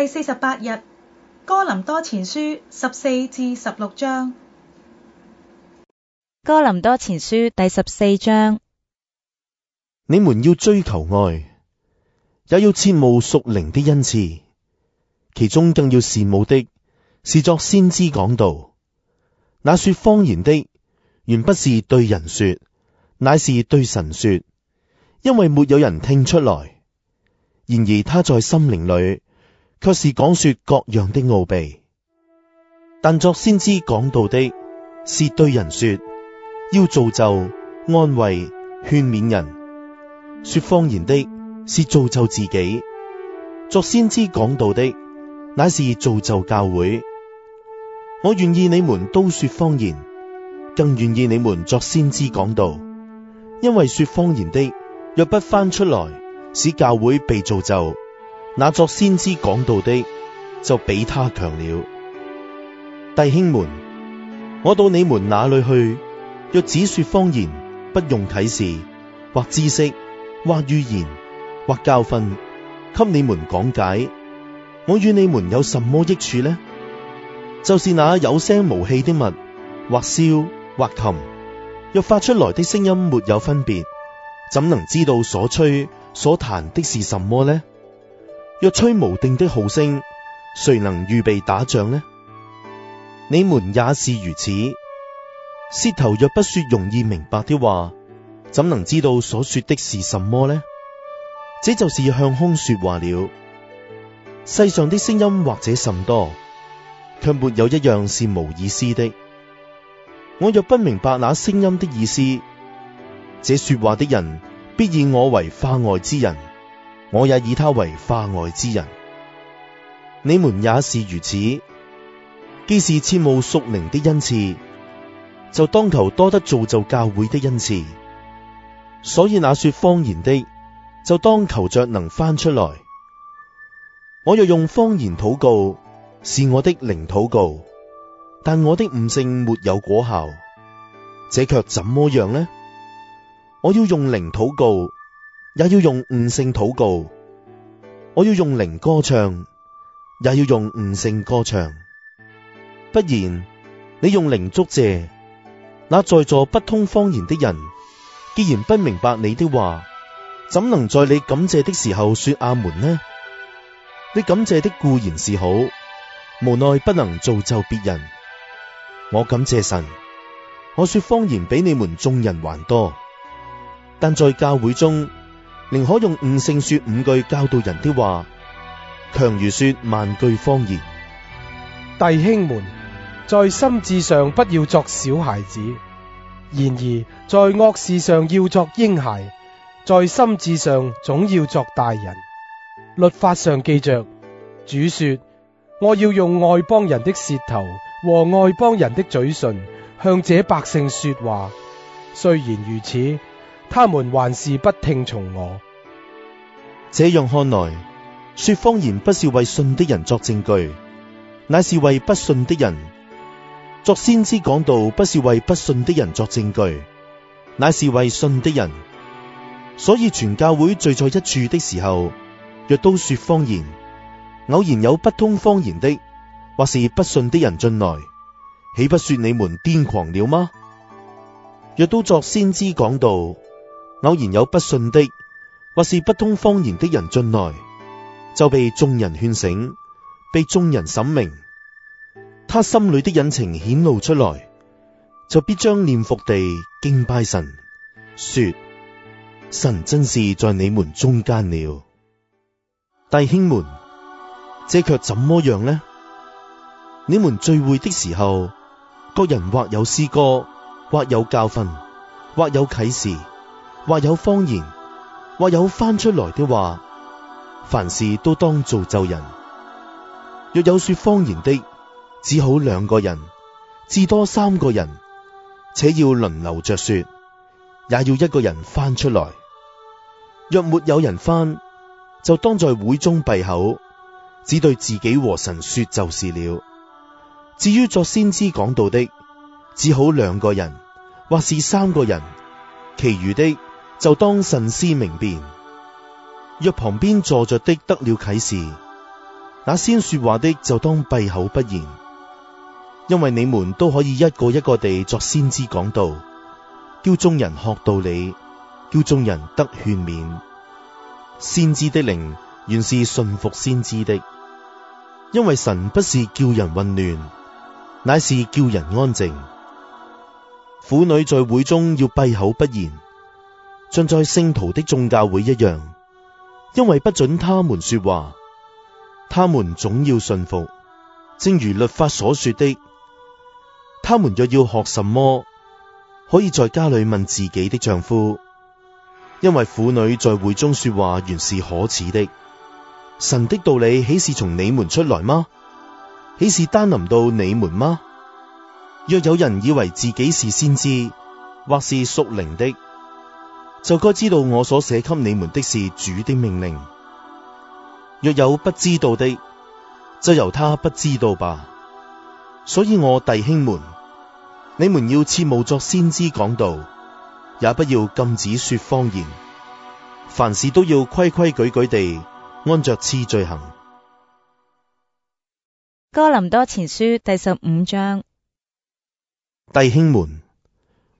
第四十八日，《哥林多前書》十四至十六章，《哥林多前書》第十四章：你們要追求愛，也要切慕屬靈的恩賜，其中更要羨慕的是作先知講道。那說方言的，原不是對人說，乃是對神說，因為沒有人聽出來。然而他在心靈裏。卻是講說各樣的奧秘，但作先知講道的，是對人說，要造就、安慰、勸勉人；說方言的，是造就自己；作先知講道的，乃是造就教會。我願意你們都說方言，更願意你們作先知講道，因為說方言的，若不翻出來，使教會被造就。那作先知講道的就比他強了，弟兄們，我到你們那裏去，若只說方言，不用啟示或知識或預言或教訓，給你們講解，我與你們有什麼益處呢？就是那有聲無氣的物，或簫或琴，若發出來的聲音沒有分別，怎能知道所吹所彈的是什麼呢？若吹無定的號聲，誰能預備打仗呢？你們也是如此。舌頭若不說容易明白的話，怎能知道所說的是什麼呢？這就是向空說話了。世上的聲音或者甚多，卻沒有一樣是無意思的。我若不明白那聲音的意思，這說話的人必以我為化外之人。我也以他為化外之人，你們也是如此。既是切慕屬靈的恩賜，就當求多得造就教會的恩賜。所以那說方言的，就當求着能翻出來。我若用方言禱告，是我的靈禱告，但我的悟性沒有果效，這卻怎麼樣呢？我要用靈禱告。也要用悟性禱告，我要用靈歌唱，也要用悟性歌唱。不然，你用靈祝謝，那在座不通方言的人，既然不明白你的話，怎能在你感謝的時候說阿門呢？你感謝的固然是好，無奈不能造就別人。我感謝神，我說方言比你們眾人還多，但在教會中。寧可用悟性說五句教導人的話，強如說萬句方言。弟兄們，在心智上不要作小孩子，然而在惡事上要作嬰孩；在心智上總要作大人。律法上記着，主說：我要用外邦人的舌頭和外邦人的嘴唇向這百姓說話。雖然如此。他們還是不聽從我。這樣看來，說方言不是為信的人作證據，乃是為不信的人；作先知講道不是為不信的人作證據，乃是為信的人。所以，全教會聚在一處的時候，若都說方言，偶然有不通方言的或是不信的人進來，豈不說你們癲狂了嗎？若都作先知講道。偶然有不信的，或是不通方言的人進來，就被眾人勸醒，被眾人審明，他心裏的隱情顯露出來，就必將臉伏地敬拜神，說：神真是在你們中間了。弟兄們，這卻怎麼樣呢？你們聚會的時候，各人或有詩歌，或有教訓，或有啟示。或有方言，或有翻出來的話，凡事都當做造就人。若有說方言的，只好兩個人，至多三個人，且要輪流着說，也要一個人翻出來。若沒有人翻，就當在會中閉口，只對自己和神說就是了。至於作先知講道的，只好兩個人，或是三個人，其餘的。就當神思明辨，若旁邊坐着的得了啟示，那先說話的就當閉口不言，因為你們都可以一個一個地作先知講道，叫眾人學道理，叫眾人得勸勉。先知的靈原是順服先知的，因為神不是叫人混亂，乃是叫人安靜。婦女在會中要閉口不言。像在聖徒的眾教會一樣，因為不准他們說話，他們總要順服。正如律法所說的，他們若要學什麼，可以在家裏問自己的丈夫，因為婦女在會中說話原是可恥的。神的道理豈是從你們出來嗎？豈是單臨到你們嗎？若有人以為自己是先知或是屬靈的，就該知道我所寫給你們的是主的命令。若有不知道的，就由他不知道吧。所以我弟兄們，你們要切慕作先知講道，也不要禁止說方言。凡事都要規規矩矩地按着次序行。哥林多前書第十五章，弟兄們。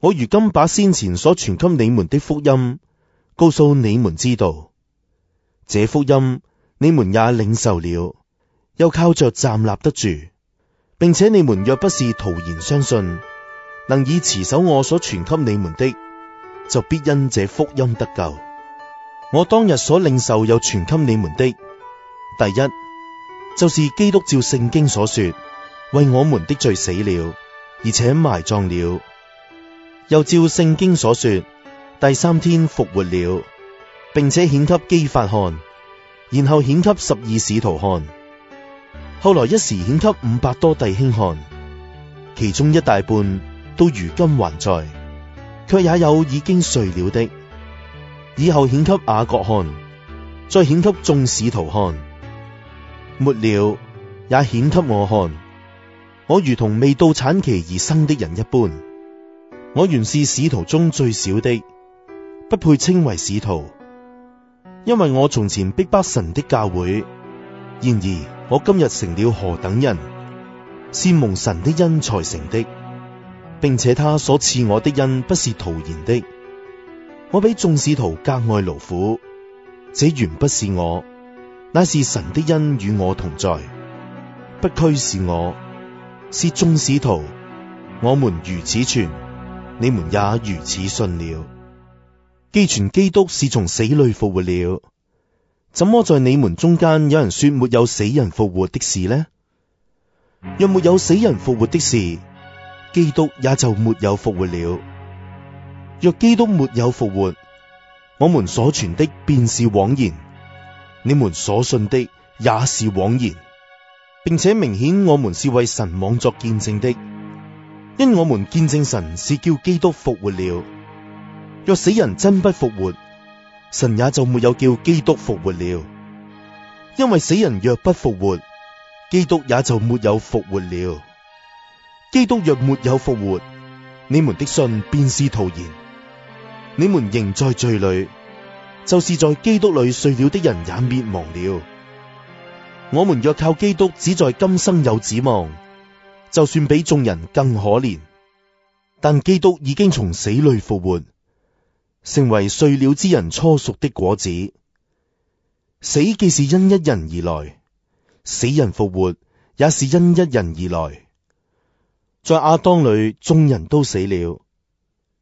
我如今把先前所傳給你們的福音，告訴你們知道，這福音你們也領受了，又靠着站立得住，並且你們若不是徒然相信，能以持守我所傳給你們的，就必因這福音得救。我當日所領受又傳給你們的，第一，就是基督照聖經所說，為我們的罪死了，而且埋葬了。又照聖經所說，第三天復活了，並且顯給基法看，然後顯給十二使徒看，後來一時顯給五百多弟兄看，其中一大半到如今還在，却也有已經睡了的。以後顯給雅各看，再顯給眾使徒看，末了也顯給我看，我如同未到產期而生的人一般。我原是使徒中最小的，不配稱為使徒，因為我從前逼迫神的教會。然而我今日成了何等人，是蒙神的恩才成的，並且他所賜我的恩不是徒然的。我比眾使徒格外勞苦，這原不是我，乃是神的恩與我同在，不拘是我，是眾使徒，我們如此傳。你們也如此信了。既傳基督是從死裏復活了，怎麼在你們中間有人說沒有死人復活的事呢？若沒有死人復活的事，基督也就沒有復活了。若基督沒有復活，我們所傳的便是枉然，你們所信的也是枉然，並且明顯我們是為神妄作見證的。因我們見證神是叫基督復活了。若死人真不復活，神也就沒有叫基督復活了。因為死人若不復活，基督也就沒有復活了。基督若沒有復活，你們的信便是徒然。你們仍在罪裏，就是在基督裏睡了的人也滅亡了。我們若靠基督，只在今生有指望。就算比眾人更可憐，但基督已經從死裏復活，成為睡了之人初熟的果子。死既是因一人而來，死人復活也是因一人而來。在亞當裏眾人都死了，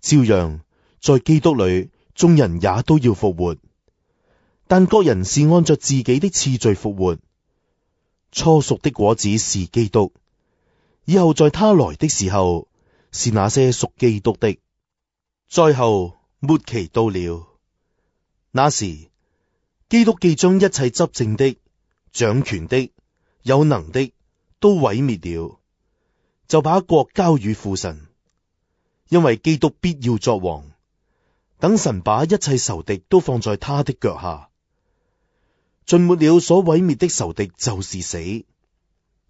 照樣在基督裏眾人也都要復活。但各人是按着自己的次序復活。初熟的果子是基督。以後在他來的時候，是那些屬基督的。最後末期到了，那時基督既將一切執政的、掌權的、有能的都毀滅了，就把國交與父神，因為基督必要作王，等神把一切仇敵都放在他的腳下，盡末了所毀滅的仇敵，就是死，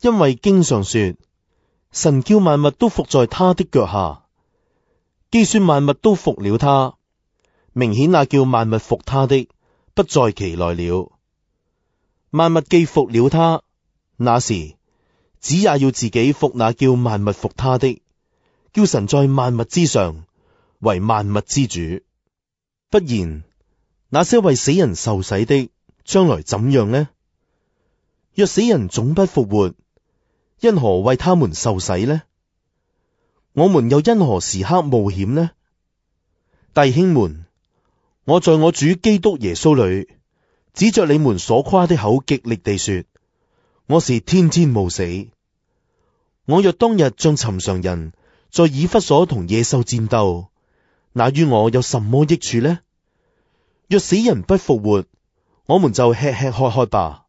因為經常說。神叫萬物都服在他的腳下，既說萬物都服了他，明顯那叫萬物服他的，不在其內了。萬物既服了他，那時，子也要自己服那叫萬物服他的，叫神在萬物之上為萬物之主。不然，那些為死人受洗的，將來怎樣呢？若死人總不復活。因何為他們受洗呢？我們又因何時刻冒險呢？弟兄們，我在我主基督耶穌裏，指着你們所誇的口，極力地說：我是天天冒死。我若當日像尋常人，在以弗所同野獸戰鬥，那於我有什麼益處呢？若死人不復活，我們就吃吃喝喝吧，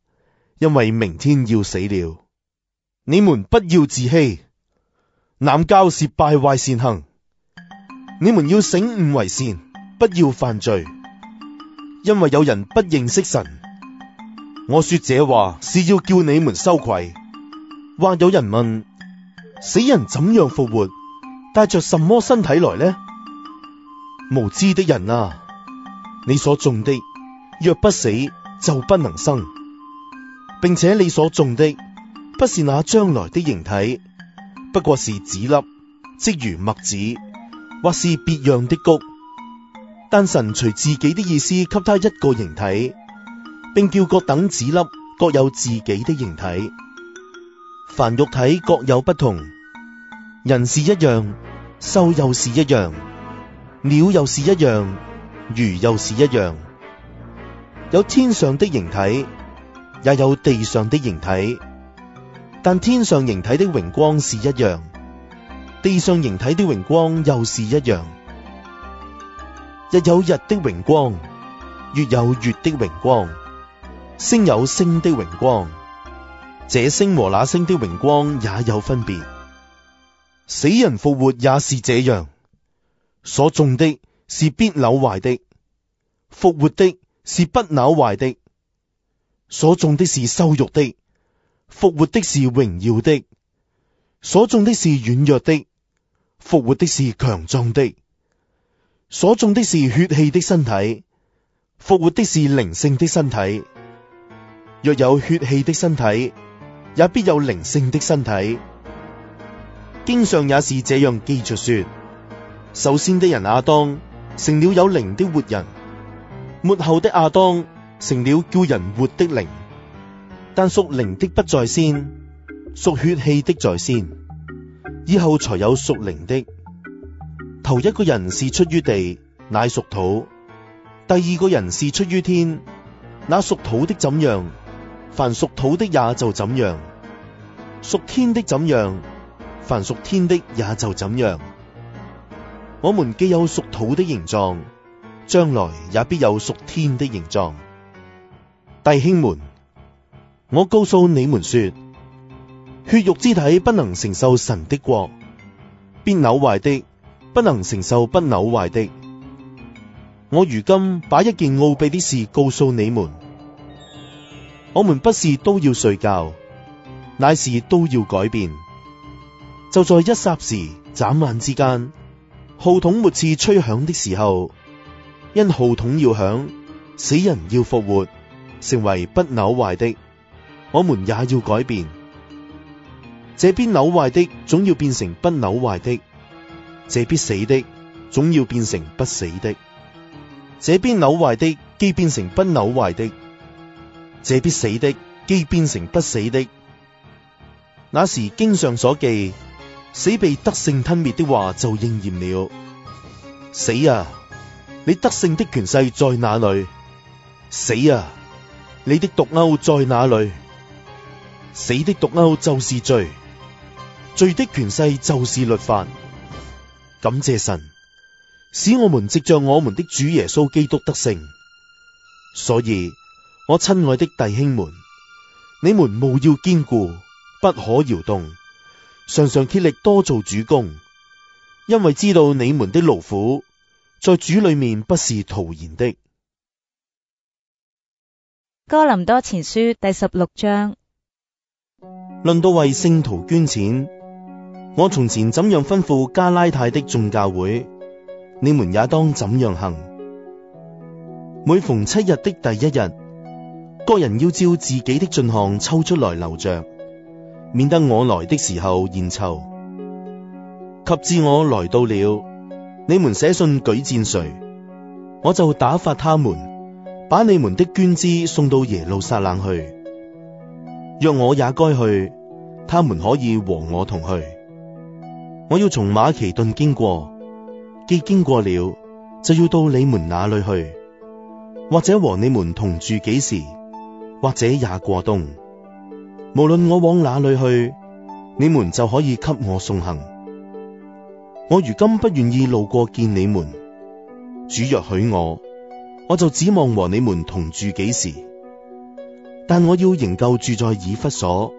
因為明天要死了。你們不要自欺，濫交是敗壞善行。你們要醒悟為善，不要犯罪。因為有人不認識神，我說這話是要叫你們羞愧。或有人問：死人怎樣復活，帶着什麼身體來呢？無知的人啊，你所種的若不死就不能生，並且你所種的。不是那將來的形體，不過是子粒，即如麥子，或是別樣的穀。但神隨自己的意思，給他一個形體，並叫各等子粒各有自己的形體。凡肉體各有不同，人是一樣，獸又是一樣，鳥又是一樣，魚又是一樣。有天上的形體，也有地上的形體。但天上形體的榮光是一樣，地上形體的榮光又是一樣。日有日的榮光，月有月的榮光，星有星的榮光。這星和那星的榮光也有分別。死人復活也是這樣。所種的是必朽壞的，復活的是不朽壞的。所種的是羞辱的。復活的是榮耀的，所種的是軟弱的；復活的是強壯的，所種的是血氣的身體，復活的是靈性的身體。若有血氣的身體，也必有靈性的身體。經上也是這樣記着說：首先的人亞當成了有靈的活人，末後的亞當成了叫人活的靈。但屬靈的不在先，屬血氣的在先，以後才有屬靈的。頭一個人是出於地，乃屬土；第二個人是出於天，那屬土的怎樣，凡屬土的也就怎樣；屬天的怎樣，凡屬天的也就怎樣。我們既有屬土的形狀，將來也必有屬天的形狀。弟兄們。我告訴你們說，血肉之體不能承受神的國，必朽壞的不能承受不朽壞的。我如今把一件奧秘的事告訴你們：我們不是都要睡覺，乃是都要改變。就在一霎時、眨眼之間，號筒末次吹響的時候，因號筒要響，死人要復活，成為不朽壞的。我們也要改變，這必朽壞的總要變成不朽壞的，這必死的總要變成不死的。這必朽壞的既變成不朽壞的，這必死的既變成不死的，那時經上所記，死被得勝吞滅的話就應驗了。死啊，你得勝的權勢在哪裏？死啊，你的毒鈎在哪裏？死的毒鉤就是罪，罪的權勢就是律法。感謝神，使我們藉着我們的主耶穌基督得勝。所以，我親愛的弟兄們，你們務要堅固，不可搖動，常常竭力多做主工，因為知道你們的勞苦在主裏面不是徒然的。哥林多前書第十六章。論到為聖徒捐錢，我從前怎樣吩咐加拉太的眾教會，你們也當怎樣行。每逢七日的第一日，各人要照自己的進項抽出來留着，免得我來的時候現酬。及至我來到了，你們寫信舉薦誰，我就打發他們把你們的捐資送到耶路撒冷去。若我也該去，他們可以和我同去。我要從馬其頓經過，既經過了，就要到你們那裏去，或者和你們同住幾時，或者也過冬。無論我往哪裏去，你們就可以給我送行。我如今不願意路過見你們。主若許我，我就指望和你們同住幾時。但我要仍舊住在以弗所，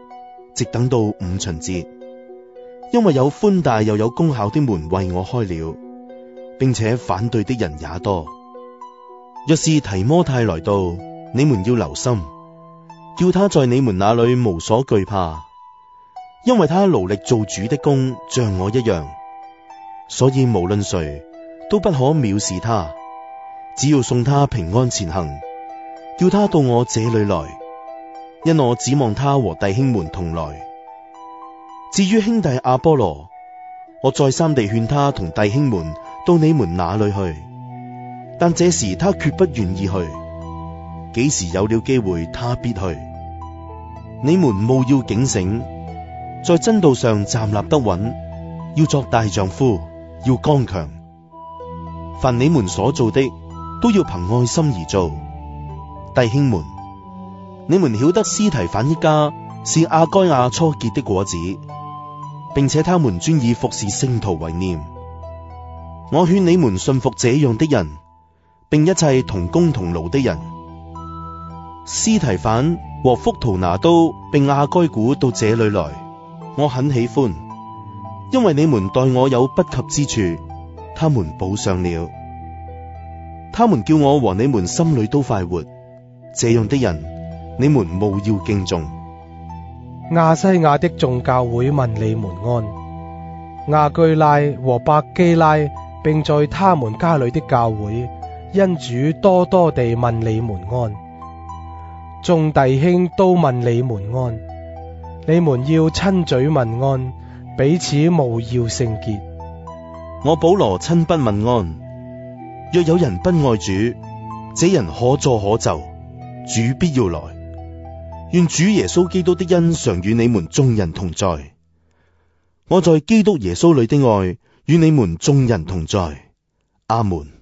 直等到五旬節，因為有寬大又有功效的門為我開了，並且反對的人也多。若是提摩太來到，你們要留心，叫他在你們那裏無所懼怕，因為他勞力做主的工像我一樣，所以無論誰都不可藐視他，只要送他平安前行，叫他到我這裏來。因我指望他和弟兄們同來。至於兄弟阿波羅，我再三地勸他同弟兄們到你們那裡去，但這時他決不願意去。幾時有了機會，他必去。你們務要警醒，在真道上站立得穩，要作大丈夫，要剛強。凡你們所做的，都要憑愛心而做，弟兄們。你們曉得斯提反一家是亞該亞初結的果子，並且他們專以服侍聖徒為念。我勸你們信服這樣的人，並一切同工同勞的人。斯提反和福圖拿都並亞該，亞該古到這裏來，我很喜歡，因為你們待我有不及之處，他們補上了。他們叫我和你們心裏都快活。這樣的人。你們務要敬重亞西亞的眾教會，問你們安。亞居拉和百基拉，並在他們家裏的教會，因主多多地問你們安。眾弟兄都問你們安。你們要親嘴問安，彼此務要聖潔。我保羅親筆問安。若有人不愛主，這人可詛可咒，主必要來。願主耶穌基督的恩常與你們眾人同在，我在基督耶穌裏的愛與你們眾人同在，阿門。